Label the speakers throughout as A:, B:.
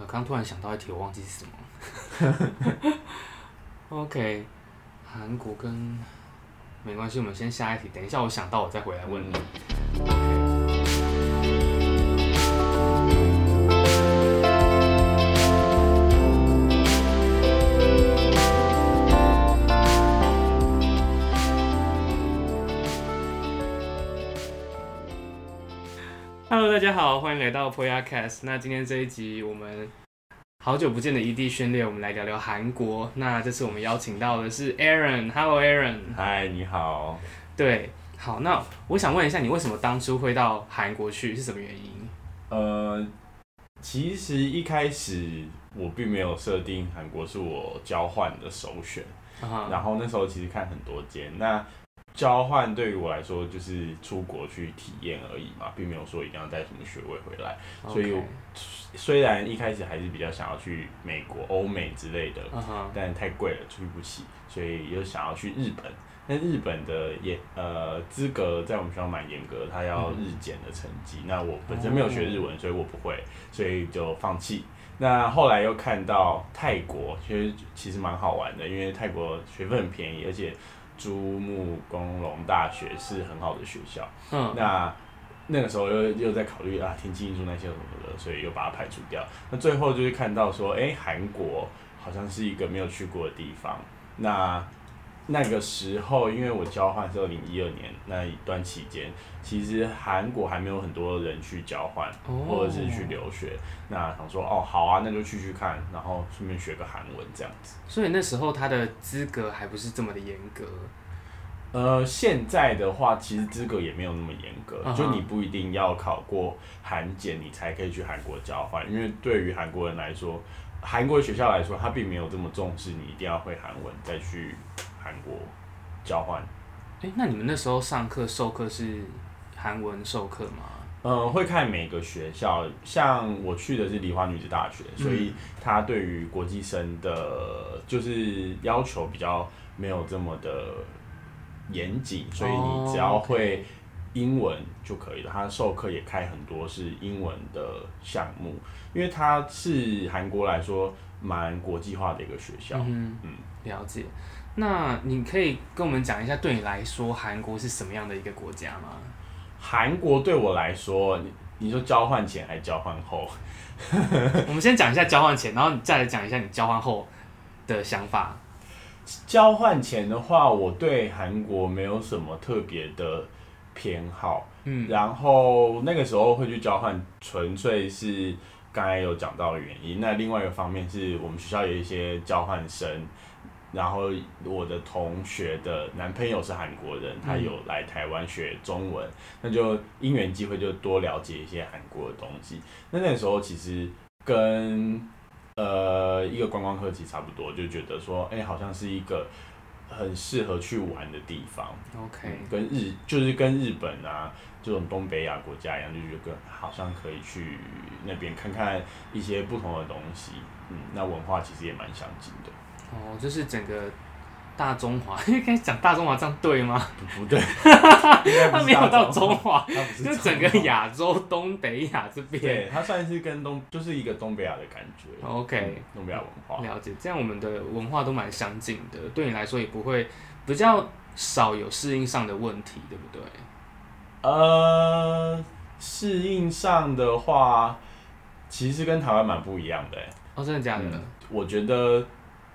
A: 我剛剛突然想到一題，我忘記是什麼。 OK，韓國跟，沒關係，我們先下一題，等一下我想到我再回來問你。大家好，歡迎來到 Poyacast。那今天這一集，我們好久不見的移地訓練，我們來聊聊韓國。那這次我們邀請到的是 Aaron, Hello Aaron。Hello，Aaron。嗨，你好。對，好，那我想問一下，你為什麼當初會到韓國去？是什麼原因？呃，其實一
B: 開始我並沒有設定韓國是我交換的首選，uh
A: huh、然
B: 後那時候其實看很多間那。交換對於我來說就是出國去體驗而已嘛，並沒有說一定要帶什麼學位回來。Okay. 所以雖然一開始還是比較想要去美國、歐美之類的，uh huh. 但太貴了，出去不起，所以又想要去日本。但日本的也呃資格在我們學校蠻嚴格，它要日檢的成績。嗯、那我本身沒有學日文，所以我不會，所以就放棄。Oh. 那後來又看到泰國，其實其實蠻好玩的，因為泰國學費很便宜，而且。珠穆工農大學是很好的學校，嗯、那那個時候又又在考慮啊，天氣因素那些什麼的，所以又把它排除掉。那最後就是看到說，哎、欸，韓國好像是一個沒有去過的地方，那。那個時候，因為我交換是二零一二年那一段期間，其實韓國還沒有很多人去交換或者是去留學。Oh. 那想說，哦，好啊，那就去去看，然後順便學個韓文這樣子。所以那時候他的資格還
A: 不是這麼的嚴格。
B: 呃，現在的話，其實資格也沒有那麼嚴格，uh huh. 就你不一定要考過韓檢，你才可以去韓國交換。因為對於韓國人來說，韓國學校來說，他並沒有這麼重視你一定要會韓文再去。韓國交換，
A: 誒、欸，那你們那時候上課授課是
B: 韓文授課嗎？呃、嗯，會看每個學校，像我去的是梨花女子大學，嗯、所以他對於國際生的，就是要求比較沒有這麼的嚴謹，所以你只要會英文就可以了。哦 okay、他授課也開很多是英文的項目，因為他是韓國來說蠻國際化的一個學校。嗯嗯，嗯，
A: 了解。那你可以跟我們講一下，對你來說韓國是什麼樣的一個國家嗎？韓國對我來說，你你說交換前還是交換後？ 我們先講一下交換前，然後你再來講一下你交換後的想法。
B: 交換前的話，我對韓國沒有什麼特別的偏好。嗯，然後那個時候會去交換，純粹是剛才有講到的原因。那另外一個方面是我們學校有一些交換生。然後我的同學的男朋友是韓國人，他有來台灣學中文，嗯，那就因緣機會就多了解一些韓國的東西。那那時候其實跟呃一個觀光客其實差不多，就覺得說，哎，好像是一個很適合去玩的地方。OK，嗯，跟日就是跟日本啊這種東北亞國家一樣，就覺得好像可以去那邊看看一些不同
A: 的東西。嗯，那文化其實也蠻相近的。哦，就是整個大中華，因為應該講大中華這樣對嗎？不、嗯、對，不 他沒有到中華，是中華就整個亞洲東北亞這
B: 邊，對他算是跟東就是一個東北亞的感覺。嗯、OK，
A: 東北亞文化了解，這樣我們的文化都蠻相近的，對你來說也不會比較少有適應上的問題，對不對？呃，適應上的話，其實跟台灣蠻不一
B: 樣的、欸、哦，真的假的？我覺得。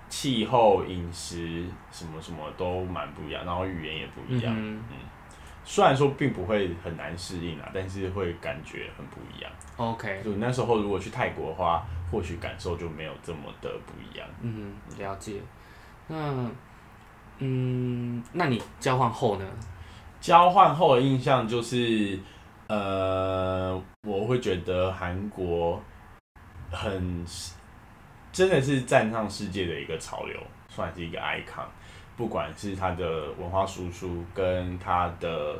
B: 氣候、飲食什麼什麼都蠻不一樣，然後語言也不一樣。嗯，嗯，雖然說並不會很難適應啊，但是會感覺很不一樣。
A: OK，就
B: 你那時候如果去泰國的話，或許感受就沒有這麼的不一樣。
A: 嗯，了解。那，嗯，那你交換後呢？交換後的印象就是，
B: 呃，我會覺得韓國很。真的是站上世界的一個潮流，算是一個 icon，不管是他的文化輸出跟他的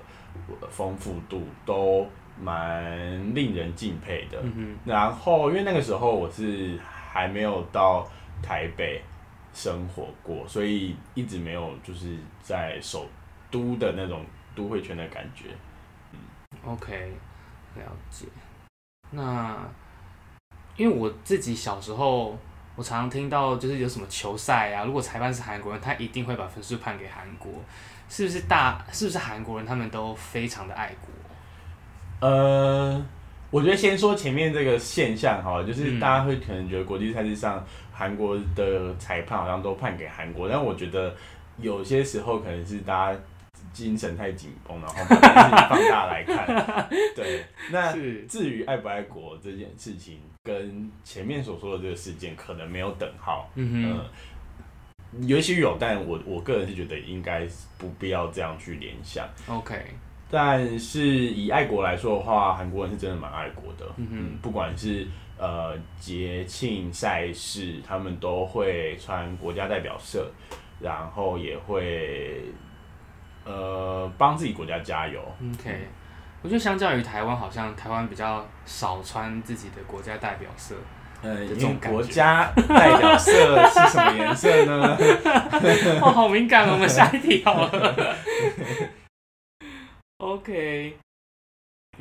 B: 呃、豐富度，都蠻令人敬佩的。嗯、哼然後，因為那個時候我是還沒有到台北生活過，所以一直沒有就是在首都的那種都會圈的感覺。嗯、
A: OK，了解。那因為我自己小時候。我常常聽到就是有什麼球賽啊，如果裁判是韓國人，他一定會把分數判給韓國，是不是大？是不是韓國人他們都非常的愛國？
B: 呃，我覺得先說前面這個現象哈，就是大家會可能覺得國際賽事上韓國的裁判好像都判給韓國，但我覺得有些時候可能是大家。精神太緊繃，然後放大來看， 對。那至於愛不愛國這件事情，跟前面所說的這個事件可能沒有等號。嗯哼，尤其、呃、有，但我我個人是覺得應該不必要這樣去聯想。OK。但是以愛國來說的話，韓國人是真的蠻愛國的。嗯，哼嗯，不管是呃節慶賽事，他們都會穿國家代表色，然後也
A: 會。呃，幫自己國家加油。OK，我覺得相較於台灣，好像台灣比較少穿自己的國家代表色這種感覺。呃、嗯，一種國家代表色是什麼顏色呢？ 哦，好敏感、哦， 我們下一題好了。 OK，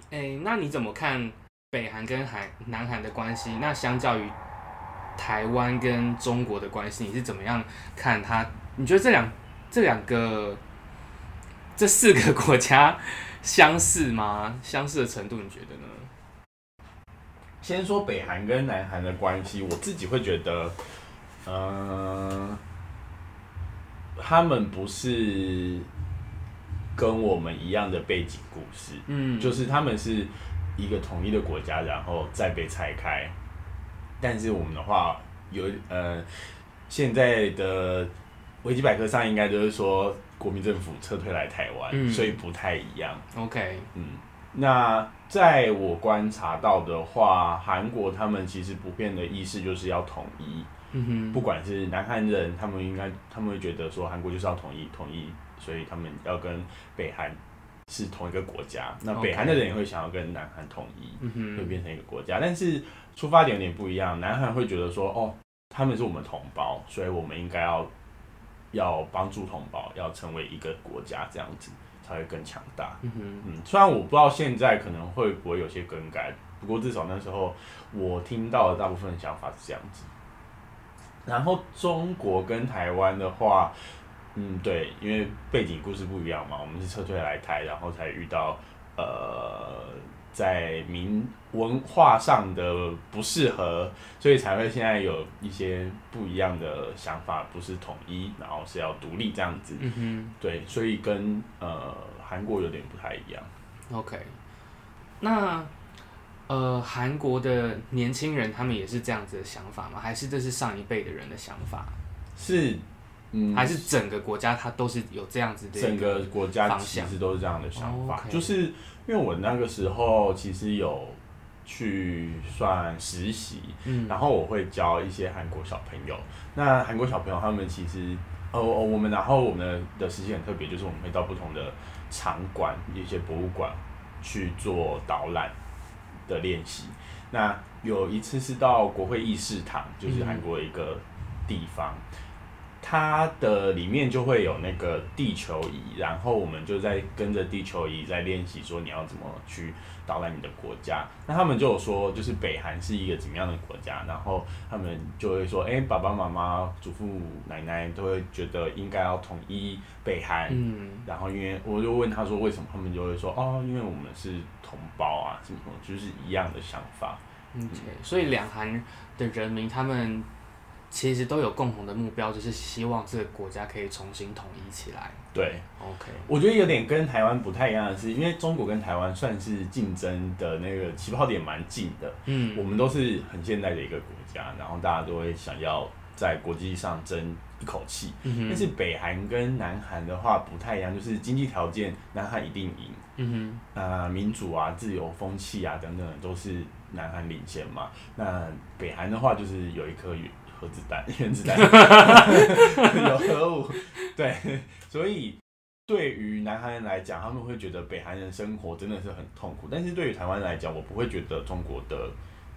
A: 哎、欸，那你怎麼看北韓跟韓，南韓的關係？那相較於台灣跟中國的關係，你是怎麼樣看它？你覺得這兩這兩個？這四個國家相似嗎？相似的程度，你覺得呢？
B: 先說北韓跟南韓的關係，我自己會覺得，嗯、呃，他們不是跟我們一樣的背景故事，嗯，就是他們是一個統一的國家，然後再被拆開。但是我們的話，有呃，現在的維基百科上應該就是說。國民政府撤退來台灣，嗯、所以不太一樣。OK，嗯，那在我觀察到的話，韓國他們其實不變的意思就是要統一。
A: 嗯、哼不
B: 管是南韓人，他們應該他們會覺得說，韓國就是要統一，統一，所以他們要跟北韓是同一個國家。Okay. 那北韓的人也會想要跟南韓統一，會、嗯、哼變成一個國家，但是出發點有點不一樣。南韓會覺得說，哦，他們是我們同胞，所以我們應該要。要幫助同胞，要成為一個國家，這樣子才會更強大。嗯哼，嗯，雖然我不知道現在可能會不會有些更改，不過至少那時候我聽到的大部分的想法是這樣子。然後中國跟台灣的話，嗯，對，因為背景故事不一樣嘛，我們是撤退來台，然後才遇到呃。在民文化上的不適合，所以才會現在有一些不一樣的想法，不是統一，然後是要獨立這樣子。嗯哼，對，所以跟呃韓國有點不太一樣。
A: OK，那呃韓國的年輕人他們也是這樣子的想法嗎？還是這是上一輩的人的想法？是，嗯，還是整個國家他都是有這樣子的？整個國家其實都是這樣的想法，哦 okay. 就是。因為我那
B: 個時候其實有去算實習，嗯、然後我會教一些韓國小朋友。那韓國小朋友他們其實，哦，哦我們然後我們的實習很特別，就是我們會到不同的場館、一些博物館去做導覽的練習。那有一次是到國會議事堂，就是韓國一個地方。嗯它的裡面就會有那個地球儀，然後我們就在跟着地球儀在練習，說你要怎麼去到來你的國家。那他們就有說，就是北韓是一個怎麼樣的國家，然後他們就會說，誒、欸，爸爸媽媽、祖父奶奶都會覺得應該要統一北韓。嗯，然後因為我就問他說，為什麼？他們就會說，哦，因為我們是
A: 同胞啊，什麼什麼，就是一樣的想法。嗯，okay，所以兩韓的人民他們。其實都有共同的目標，就是希望這個國家可以重新統一起來。對，OK，我
B: 覺得有點跟台灣不太一樣的，是，因為中國跟台灣算是競爭的那個起跑點蠻近的。嗯，我們都是很現代的一個國家，然後大家都會想要在國際上爭一口氣。嗯哼，但是北韓跟南韓的話不太一樣，就是經濟條件，南韓一定贏。嗯
A: 哼，
B: 啊、呃，民主啊、自由風氣啊等等，都是南韓領先嘛。那北韓的話，就是有一顆。核子彈、原子彈，子彈 有核武。對，所以對於南韓人來講，他們會覺得北韓人生活真的是很痛苦。但是，對於台灣人來講，我不會覺得中國的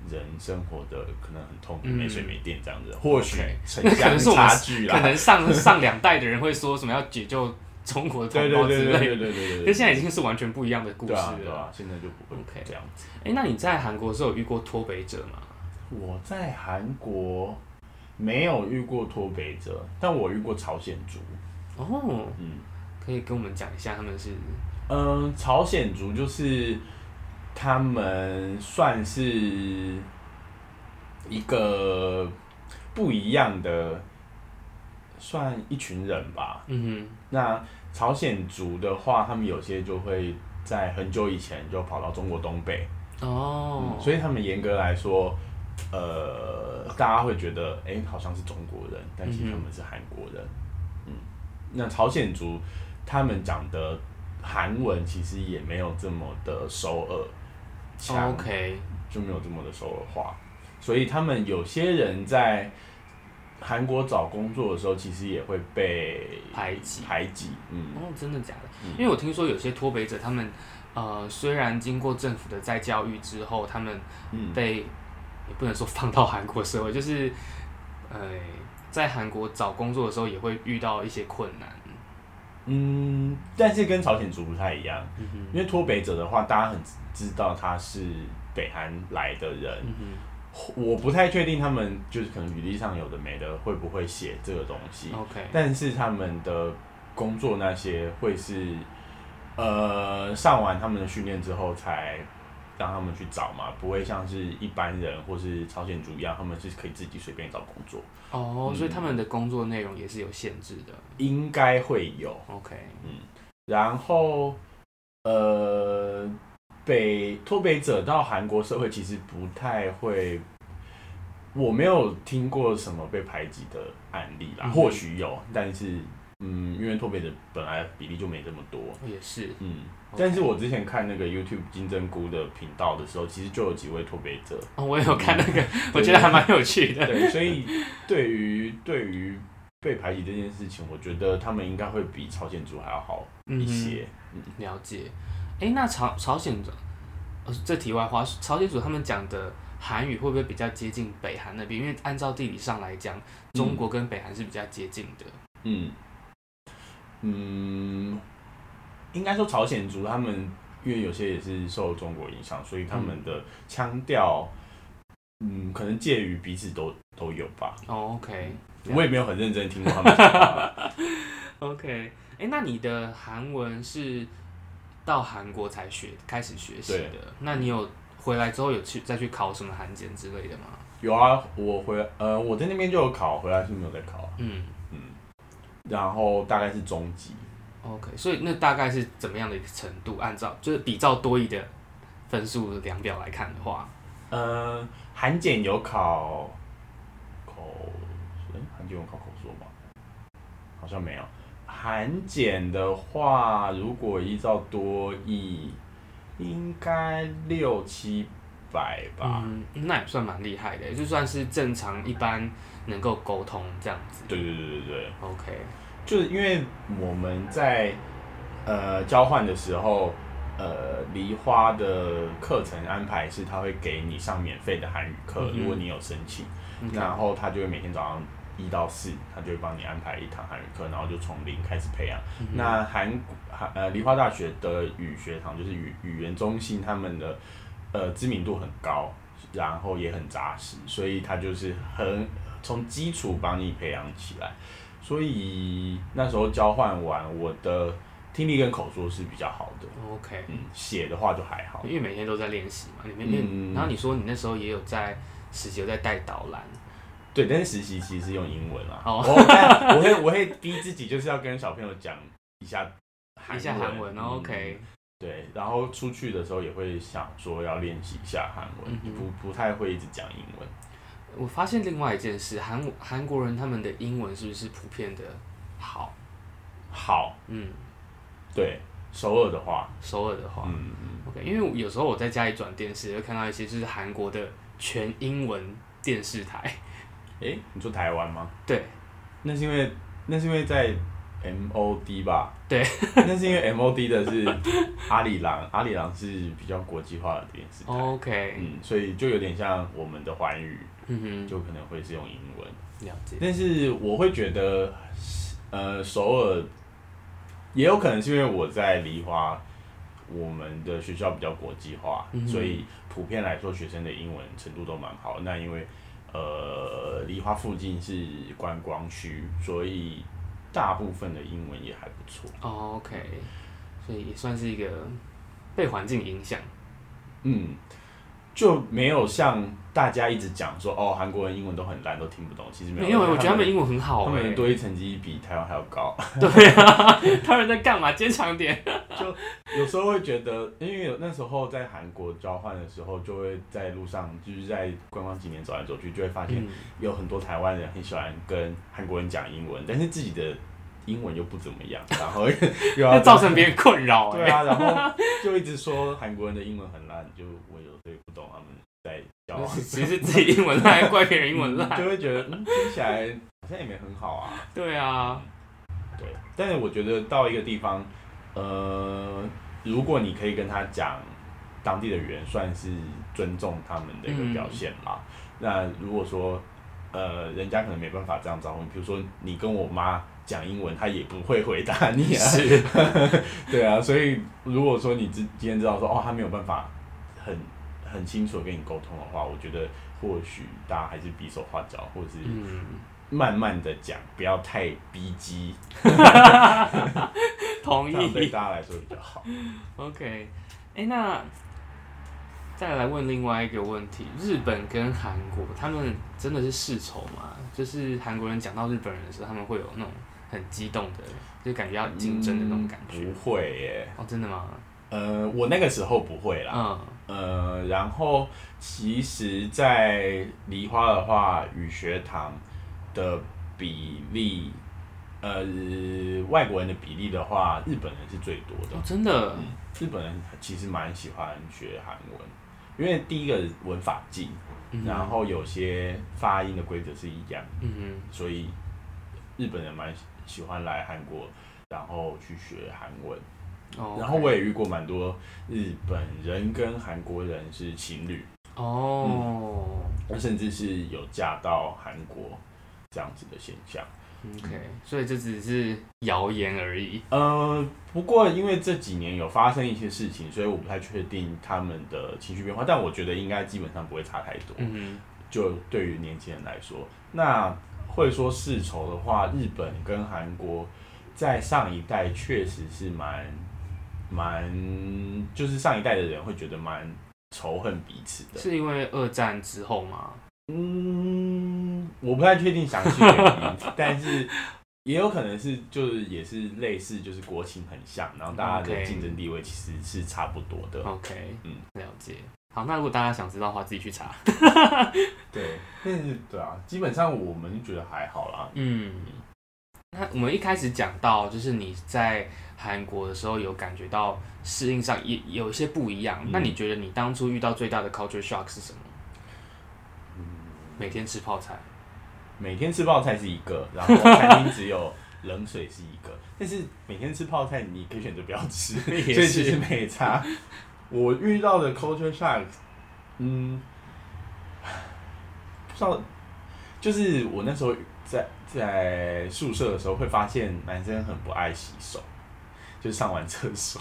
B: 人生活的可能很痛苦，嗯、沒水沒電這樣子。或許成長差距啦，可能上上兩
A: 代的人會說什麼要解救中國同胞之類，對對對對對對。因為現在已經是完全不一樣的故事了，對吧、啊啊啊？現在就不 OK 這樣子。哎 Okay.、欸，那你在韓國是有遇過脫北者嗎？我在
B: 韓國。沒有遇過脫北者，但我遇過朝鮮族。哦
A: ，oh, 嗯，可以跟我們講一下他們是？
B: 嗯，朝鮮族就是他們算是一個不一樣的，算一群人吧。嗯哼、mm。Hmm. 那朝鮮族的話，他們有些就會在很久以前就跑到中國東北。
A: 哦、oh. 嗯。所以
B: 他們嚴格來說。呃，Okay. 大家會覺得，哎、欸，好像是中國人，但是他們是韓國人，嗯，嗯，那朝鮮族他們講的韓文其實也沒有這麼的首爾 OK Okay. 就沒有這麼的首爾話，所以他們有些人在韓國找工作的時候，其實也會被排擠
A: 擠，排擠，嗯，哦，真的假的？嗯、因為我聽說有些脫北者，他們呃，雖然經過政府的再教育之後，他們被、嗯。也不能說放到韓國社會，就是，呃，在韓國找工作的時候也會遇到一些困難。嗯，但是跟朝鮮族不太一樣，嗯、哼因為脫北者的話，大家很
B: 知道他是北韓來的人。嗯、哼我不太確定他們就是可能履歷上有的沒的，會不會寫這個東西。OK。但是他們的工作那些會是，呃，上完他們的訓練之後才。讓他們去找嘛，不會像是一般人或是朝鮮族一樣，他們是可以自己隨便找工作。哦，oh，嗯，所以他們的工作內容也是有限制的。應該會有，OK，嗯，然後呃，北脫北者到韓國社會其實不太會，我沒有聽過什麼被排擠的案例啦，mm-hmm. 或許有，但是。嗯，因為拓北者本來比例就沒這麼多，也是。嗯，Okay. 但是我之前看那個 YouTube 金針菇的頻道的時候，其實就有幾位拓北者。哦，我也有看那個，嗯、我覺得還蠻有趣的對。對，所以對於對於被排擠這件事情， 我覺得他們應該會
A: 比朝鮮族還要好一些、嗯、了解。欸、那朝朝鮮族呃，這題外話，朝鮮族他們講的韓語會不會比較接近北韓那邊？因為按照地理上來講，嗯、中國跟北韓是比較接近的。嗯。
B: 嗯，應該說朝鮮族他們，因為有些也是受中國影響，所以他們的腔調，嗯，可能介於彼此都都有吧。Oh, OK，、嗯、我也沒有很認真聽過他們講
A: 話。 OK，哎、欸，那你的韓文是到韓國才學開始學習的？對那你有回來之後有去再去考什麼韓檢之類的嗎？
B: 有啊，我回呃我在那邊就有考，回來是沒有再考、啊。嗯。然後大概是中級
A: ，OK，所以那大概是怎麼樣的一個程度？按照就是比照多益的分數量表來看的話，
B: 呃，韓檢有考口，哎，韓檢有考口說嗎？好像沒有。韓檢的話，如果依照多益，應該
A: 六七。百吧，嗯，那也算蠻厲害的，就算是正常一般能夠溝通這樣子。對對對對對。OK，就是因為我們在呃交換的時候，呃梨花的
B: 課程安排是，他會給你上免費的韓語課，嗯、哼如果你有申請，嗯、哼然後他就會每天早上一到四，他就會幫你安排一堂韓語課，然後就從零開始培養。嗯、哼那韓國，呃梨花大學的語學堂就是語語言中心，他們的。呃，知名度很高，然後也很扎實，所以他就是很從基礎幫你培養起來。所以那時候交換
A: 完，嗯、我的聽力跟口說是比較好的。OK，嗯，寫的話就還好，因為每天都在練習嘛，裡面練。嗯、然後你說你那時候也有在實習，在帶導覽，
B: 對，但是實習其實是用英文啊。OK，我會
A: 我會逼自己就是要跟小朋友
B: 講一下，一下韓文，然、哦、後 OK。對，然後出去的時候也會
A: 想說要練習一下韓文，嗯嗯不不太會一直講英文。我發現另外一件事，韓韓國人他們的英文是不是普遍的好？好，嗯，對，首爾的話，首爾的話，嗯嗯，OK。因為有時候我在家裡轉電視，會看到一些就是韓國的全英文電視台。哎、欸，你說台灣嗎？
B: 對，那那是因為那是因為在 MOD 吧。對，那 是因為 MOD 的是阿裡郎，阿裡郎是比較國際化的這件事情。Oh, OK，嗯，所以就有點像我們的寰宇，嗯、哼就可能會是用英文。解但是我會覺得，呃，首爾也有可能是因為我在梨花，我們的學校比較國際化，嗯、哼所以普遍來說學生的英文程度都蠻好。那因為呃，梨花附近是觀光區，所以。大部分的英文也
A: 還不錯。Oh, OK，所以也算是一個被環境影響。
B: 嗯。
A: 就沒有像大家一直講說哦，韓國人英文都很
B: 爛，都聽不懂。其實沒有，因為我覺得他們英文很好、欸。他們多益成績比台灣還要高。對呀、啊，
A: 他們在幹嘛？堅強點。就有時候會覺得，因為有那時候在
B: 韓國交換的時候，就會在路上就是在觀光景點走來走去，就會發現有很多台灣人很喜歡跟韓國人講英文，但是自己的英文又不怎麼樣，然後又要造成別人困擾、欸。對啊，然後就一直說韓國人的英文很爛，就我有所以不懂他們在教，其實自己英文爛，還怪別人英文爛、 嗯，就會覺得聽起、嗯、來好像也沒很好啊。
A: 對啊、嗯，對，
B: 但是我覺得到一個地方，呃，如果你可以跟他講當地的語言，算是尊重他們的一個表現嘛。嗯、那如果說呃，人家可能沒辦法這樣招呼，比如說你跟我媽講英文，他也不會回答你啊。是 對啊，所以如果說你之今天知道說哦，他沒有辦法很。很清楚的跟你溝通的話，我覺得或許大家還是比手畫腳，或者是慢慢的講，不要太逼急。
A: 同意，對大家來說比較好。OK，哎、欸，那再來問另外一個問題：日本跟韓國，他們真的是世仇嗎？就是韓國人講到日本人的時候，他們會有那種很激動的，就是、感覺要競爭的那種感覺？嗯、不會耶。哦，真的嗎？
B: 呃，我那個時候不會啦。嗯。呃，然後其實，在梨花的話，語學堂的比例，呃，外國人的比例的話，日本人是最多的。哦，真的。嗯，日本人其實蠻喜歡學韓文，因為第一個文法近，
A: 然後
B: 有些發音的規則是一樣，嗯嗯，所以日本人蠻喜歡來韓國，然後去學韓文。然後我也遇過蠻多日本人跟韓國人是情侶哦、oh. 嗯，甚至是有嫁到韓國這樣子的現象。OK，
A: 所以這只是謠言而
B: 已。嗯，不過因為這幾年有發生一些事情，所以我不太確定他們的情緒變化，但我覺得應該基本上不會差太多。嗯、mm hmm. 就對於年輕人來說，那會說世仇的話，日本跟韓國在上一代確實是蠻。蠻就是上一代的人會覺得蠻仇恨彼此的，是因為二戰之後嗎？嗯，
A: 我不太確定詳細原
B: 因， 但是也有可能是就是也是類似就是國情很像，然後大家的競爭地位其實是差不多的。OK, okay. 嗯，
A: 了解。好，那如果大家想知道的話，自己去查。 對，但是對啊，基本上我們覺得還好啦。嗯。那我們一開始講到，就是你在韓國的時候有感覺到適應上也有一些不一樣。嗯、那你覺得你當初遇到最大的 culture shock 是什麼？嗯、每天吃泡菜，每天吃泡菜是一個，然後餐廳只有冷水是一個。 但是
B: 每天吃泡菜，你可以選擇不要吃，是所以其實沒差。我遇到的 culture shock，嗯，不知道，就是我那時候在。在宿舍的時候會發現男生很不愛洗手，就是上完廁所，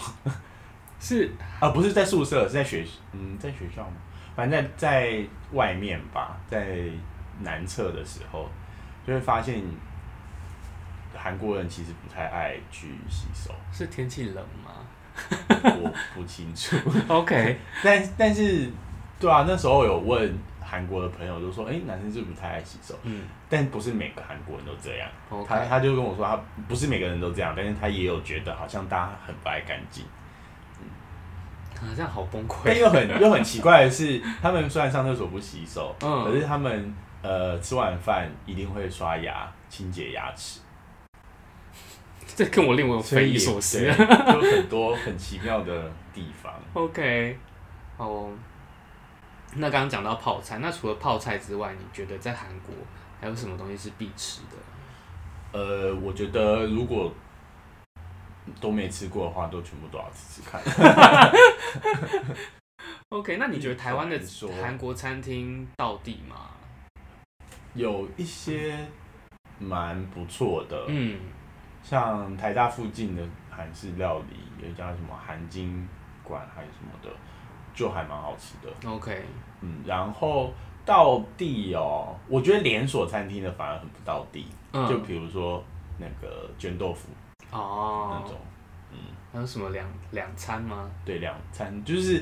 B: 是啊，不是在宿舍，是在學嗯，在學校嘛，反正在在外面吧，在男廁的時候就會發現，韓國人其實不太愛去洗手，
A: 是天氣冷嗎？
B: 我不清楚。 OK，但但是對啊，那時候有問。韓國的朋友就說：“哎、欸，男生是不是不太愛洗手？”嗯，但不是每個韓國人都這樣。Okay. 他他就跟我說：“他不是每個人都這樣，但是他也有覺得好像大家很不愛乾淨。”
A: 嗯，像、啊、好崩潰、啊。但又很又很奇
B: 怪的是， 他們雖然上廁所不洗手，嗯、可是他們、呃、吃完飯一定會刷牙清潔牙齒。
A: 這跟我令我匪夷所思，所 有很多很奇妙的地方。OK，好、哦。那剛剛講到泡菜，那除了泡菜之外，你覺得在韓國還有什麼東西是必吃的？
B: 呃，我覺得如果都沒吃過的話，都全部都要吃吃看。
A: OK，那你覺得台灣的韓國餐廳道地嗎？
B: 有一些蠻不錯的，嗯，像台大附近的韓式料理，有一家什麼韓金館還有什麼的。就還蠻好吃的。OK，嗯，然後道地哦，我覺得連鎖餐廳的反而很不道地。嗯，就比如說那個捲豆腐。
A: 哦。Oh, 那種，嗯。還有什麼兩兩餐
B: 嗎？對，兩餐就是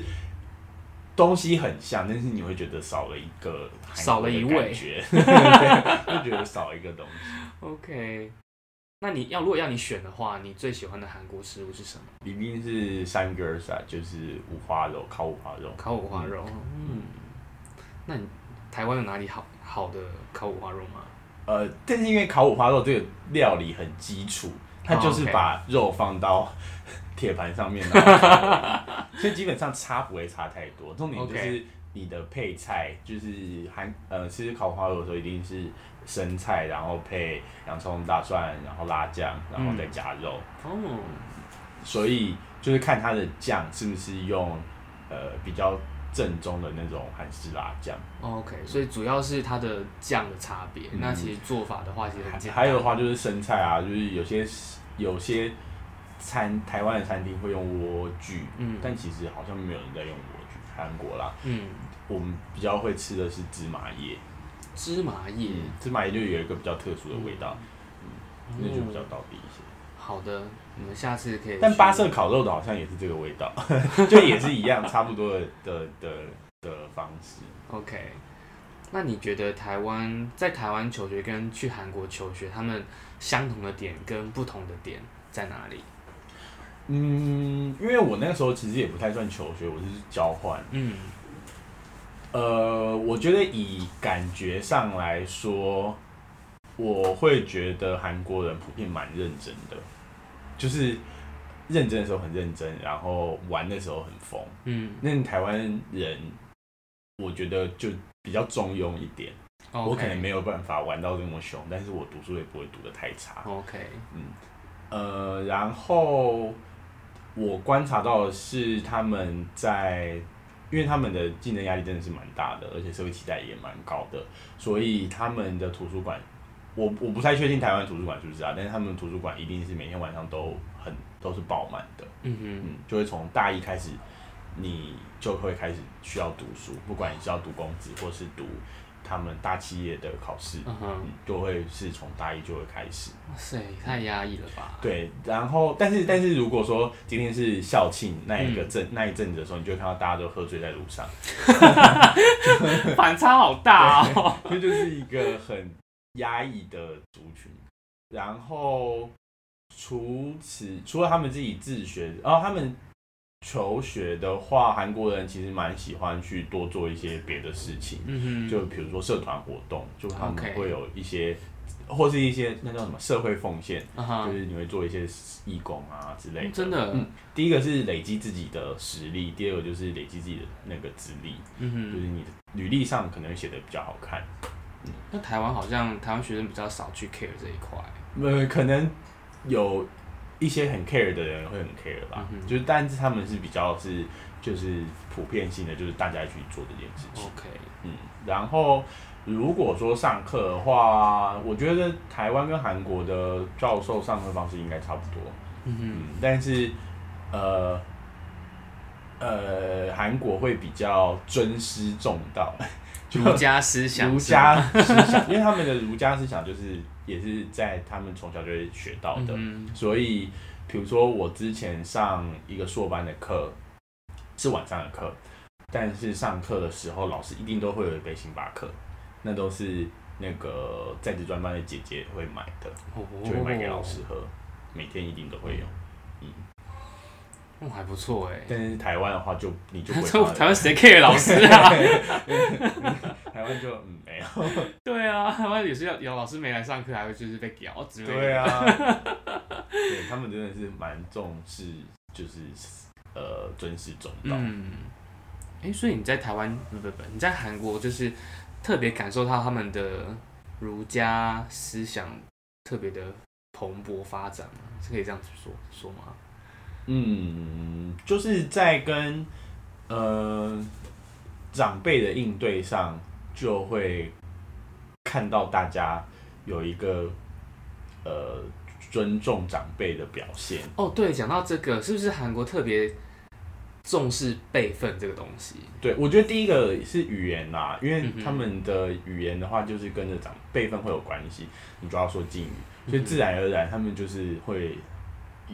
B: 東西很像，但是你會覺得少了一個，少了一味， 覺得少一個東
A: 西。OK。那你要，如果要你選的話，你最喜歡的韓國食物是什麼？明明是三哥噻，就是五花肉，烤五花肉，烤五花肉。嗯，嗯，那你台灣有哪裡好好的烤五花肉嗎？呃，但是因為烤五花肉這個料理很基礎，它就是把
B: 肉放到鐵盤上面， 所以基本上差不會差太多。重點就是。Okay. 你的配菜就是韓呃，其實烤花肉的時候一定是生菜，然後配洋蔥、大蒜，然後辣醬，然後再加肉。哦、嗯，oh. 所以就是看它的醬是不是用呃比較正宗的那
A: 種韓式辣醬。OK，所以主要是它的醬的差別。嗯、那其實做法的話，其實還還
B: 有的話就是生菜啊，就是有些有些餐台灣的餐廳會用萵苣，嗯，但其實好像沒有人在用萵苣，韓國啦，嗯。我們比較會吃的是芝麻葉、嗯，芝麻葉，芝麻葉就有一個比較特殊的味道，
A: 那就比
B: 較道地一些。好的，我們下次可以。但八色烤肉的好像也是這個味道， 就也是一樣，差不多的 的
A: 的，的方式。OK，那你覺得台灣在台灣求學跟去韓國求學，他們相同的點跟不同的點在哪裡？嗯，
B: 因為我那個時候其實也不太算求學，我就是交換，嗯。呃，我覺得以感覺上來說，我會覺得韓國人普遍蠻認真的，就是認真的時候很認真，然後玩的時候很瘋。嗯，那台灣人，我覺得就比較中庸一點，Okay. 我可能沒有辦法玩到那麼兇，但是我讀書也不會讀得太差。OK，嗯，呃，然後我觀察到的是他們在。因為他們的競爭壓力真的是蠻大的，而且社會期待也蠻高的，所以他們的圖書館，我我不太確定台灣圖書館是不是啊，但是他們圖書館一定是每天晚上都很都是爆滿的。嗯哼嗯，就會從大一開始，你就會開始需要讀書，不管你是要讀公職或是讀。他們大企業的考試，都會是從大一就會開始。哇塞，太壓抑了吧？對，然後，但是，但是如果說今天是校慶那一個陣那一陣子的時候，你就會看到大家都喝醉在路上， 反差好大哦。這就是一個很壓抑的族群。然後，除此，除了他們自己自學，然後他們。求學的話，韓國人其實蠻喜歡去多做一些別的事情，嗯、哼就比如說社團活動，就他們會有一些，Okay. 或是一些那叫什麼社會奉獻，uh huh. 就是你會做一些義工啊之類的。嗯、真的，嗯，第一個是累積自己的實力，第二個就是累積自己的那
A: 個資歷，嗯哼就是你的履歷上可能會寫得比較好看。嗯、那台灣好像台灣學生比較少去 care 這一塊，
B: 嗯，可能
A: 有。一些
B: 很 care 的人會很 care 吧，嗯嗯、就是但是他們是比較是就是普遍性的，就是大家去做這件事情。Okay. 嗯，然後如果說上課的話，我覺得台灣跟韓國的教授上課方式應該差不多。嗯哼嗯，但是呃呃，韓國會比較尊師重道。
A: 儒家思想，儒家思
B: 想，因為他們的儒家思想就是也是在他們從小就會學到的，所以比如說我之前上一個碩班的課，是晚上的課，但是上課的時候老師一定都會有一杯星巴克，那都是那個在職專班的姐姐會買的，就會買給老師喝，每天一定都會有。那還不錯哎、欸，但是台灣的話就你就 台灣誰 care 老師啊？ 台灣就、嗯、沒
A: 有。對啊，台灣有時候有老師沒來上課，還會就是被屌之類的。對啊，對他們真的是蠻重視，就是呃尊師重道。嗯，哎、欸，所以你在台灣、嗯、不不不，你在韓國就是特別感受到他們的儒家思想特別的蓬勃發展嗎？是可以這樣子說說嗎？
B: 嗯，就
A: 是在跟，呃，
B: 長輩的應對上，就會看到大家
A: 有一個，呃，尊重長輩的表現。哦，對，講到這個，是不是韓國特別重視輩分這個東西？
B: 對，我覺得第一個是語言啦，因為他們的語言的話，就是跟着長輩分會有關係，嗯、哼你主要說敬語，所以自然而然他們就是會。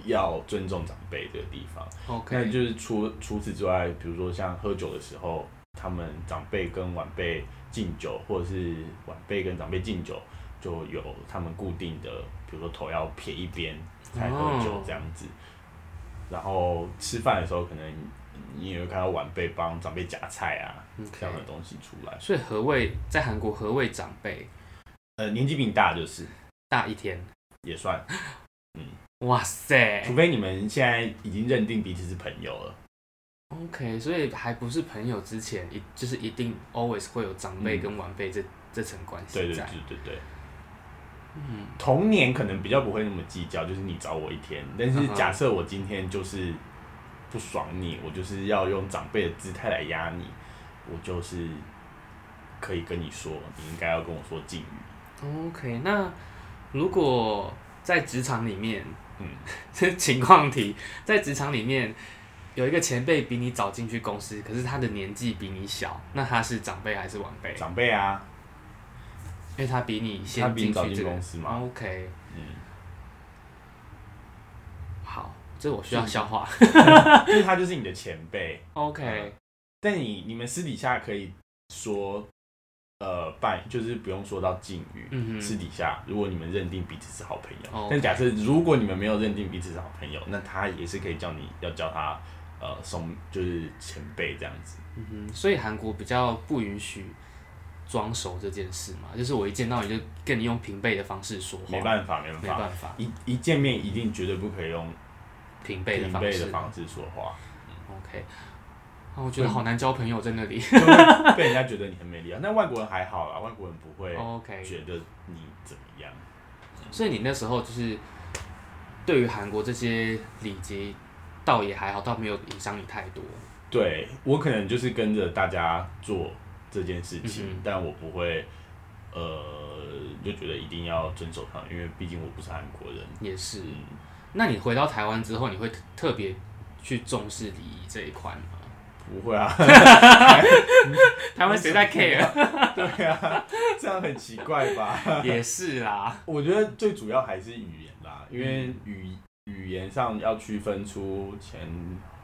B: 要尊重長輩這個地方，Okay. 那就是除、除此之外，比如說像喝酒的時候，他們長輩跟晚輩敬酒，或者是晚輩跟長輩敬酒，就有他們固定的，比如說，頭要撇一邊才喝酒這樣子。Oh. 然後吃飯的時候，可能你也會看到晚輩幫長輩夾
A: 菜啊 Okay. 這樣的東西出來。所以何謂在韓國何謂長輩？呃，年紀比你大就是大一天也算，嗯。 哇塞！除非你們現在已經認定彼此是朋友了，OK，所以還不是朋友之前，一就是一定 always 會有長輩跟晚輩這、嗯、這層關係在，對對對對對。嗯，童年可能比較不會那麼計較，就是你找我一天，但是
B: 假設我今天就是不爽你，uh huh、我就是要用長輩的姿態來壓你，我就是可以跟你說，你應該要跟我說敬語。
A: OK，那如果。在職場裡面，嗯，這情況題，在職場裡面有一個前輩比你早進去公司，可是他的年紀比你小，那他是長輩還是晚輩？長輩啊，因為他比你先進去這個公司嘛。OK。Okay 嗯。好，這我需要消化，是 因為他就是你的前輩。O Okay K、嗯。但你
B: 你們私底下可以說。呃，拜就是不用說到敬語，嗯、哼私底下如果你們認定彼此是好朋友，哦、但假設、哦 okay、如果你們沒有認定彼此是好朋友，
A: 那他也是可以叫你要叫他呃，兄就是前輩這樣子。嗯，所以韓國比較不允許裝熟這件事嘛，就是我一見到你就跟你用平輩的方式說話，沒辦法，沒辦法，辦法一一見面一定絕對不可以用平輩的方式說話。平輩的方式的嗯 OK。我覺得好難交朋友在那裡對， 被人家覺
B: 得你很美麗啊。 那外國人還好啦，外國人不會覺得你怎麼樣。
A: Okay. 嗯、所以你那時候就是對於韓國這些禮節，倒也還好，倒沒有影響你太多。
B: 對，我可能就是跟着大家做這件事情，嗯嗯，但我不會呃
A: 就覺得一定要遵守它，因為畢竟我不是韓國人。也是。嗯、那你回到台灣之後，你會特別去重視禮儀這一塊嗎？不會啊， 嗯、他們誰在 care？對啊, 對
B: 啊，這樣很奇怪吧？也是啦，我覺得最主要還是語言啦，因為語語言上要區分出前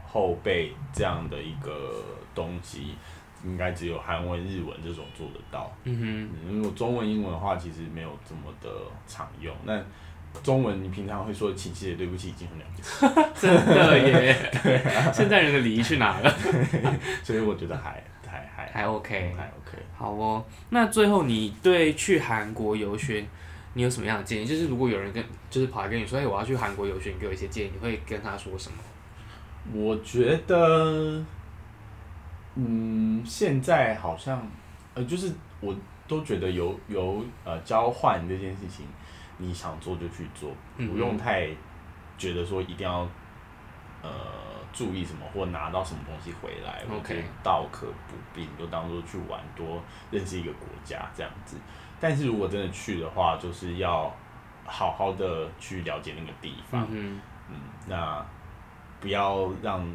B: 後輩這樣的一個東西，應該只有韓文、日文這種做得到。嗯哼嗯，如果中文、英文的話，其實沒有這麼的常用。那中文，你平常會說“請謝謝對不起”已經很了解， 真的耶。 對、啊， 現在人的禮儀
A: 去哪了？ 所以我覺得還還還還 OK，還 OK。嗯、還 OK 好哦，那最後你對去韓國遊學，你有什麼樣的建議？就是如果有人跟，就是跑來跟你說：“哎、欸，我要去韓國遊學”，你給我一些建議，你會跟他說什麼？我覺
B: 得，嗯，現在好像，呃，就是我都覺得有有呃交換這件事情。你想做就去做，不、嗯嗯、用太覺得說一定要，呃，注意什麼或拿到什麼東西回來，OK，道倒可不必，你就當做去玩，多認識一個國家這樣子。但是如果真的去的話，嗯、就是要好好的去了解那個地方，嗯，嗯，那不要讓，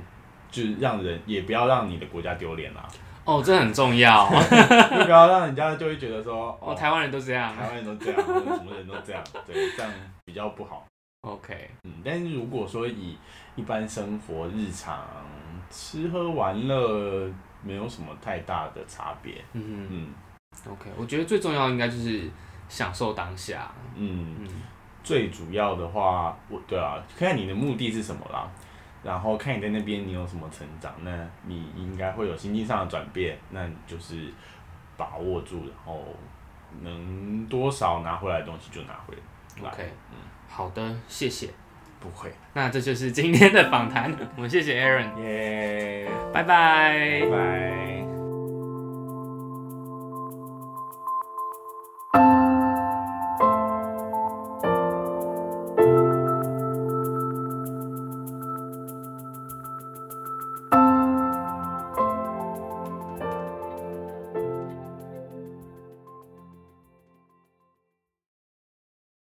B: 就是讓人也不要讓你的國家丟臉啦。
A: 哦，這很重要，
B: 就不要讓人家就會覺得說，哦，哦台灣人都這樣，台灣人都這樣，什麼人都這樣，對，這樣比較不好。OK，嗯，但是如果說以一般生活日常吃喝玩樂，沒有什麼太大的差別。嗯
A: 哼嗯，OK，我覺得最重要應該就是享
B: 受當下。嗯，嗯最主要的話，我對啊，看看你的目的是什麼啦。然後看你在那邊，你有什麼成長，那你應該會有心境上的轉變，那你就是把握住，然後能多少拿
A: 回來的東西就拿回來。OK，嗯，好的，謝謝。不會，那這就是今天的訪談，我們謝謝 Aaron，耶，拜拜，拜。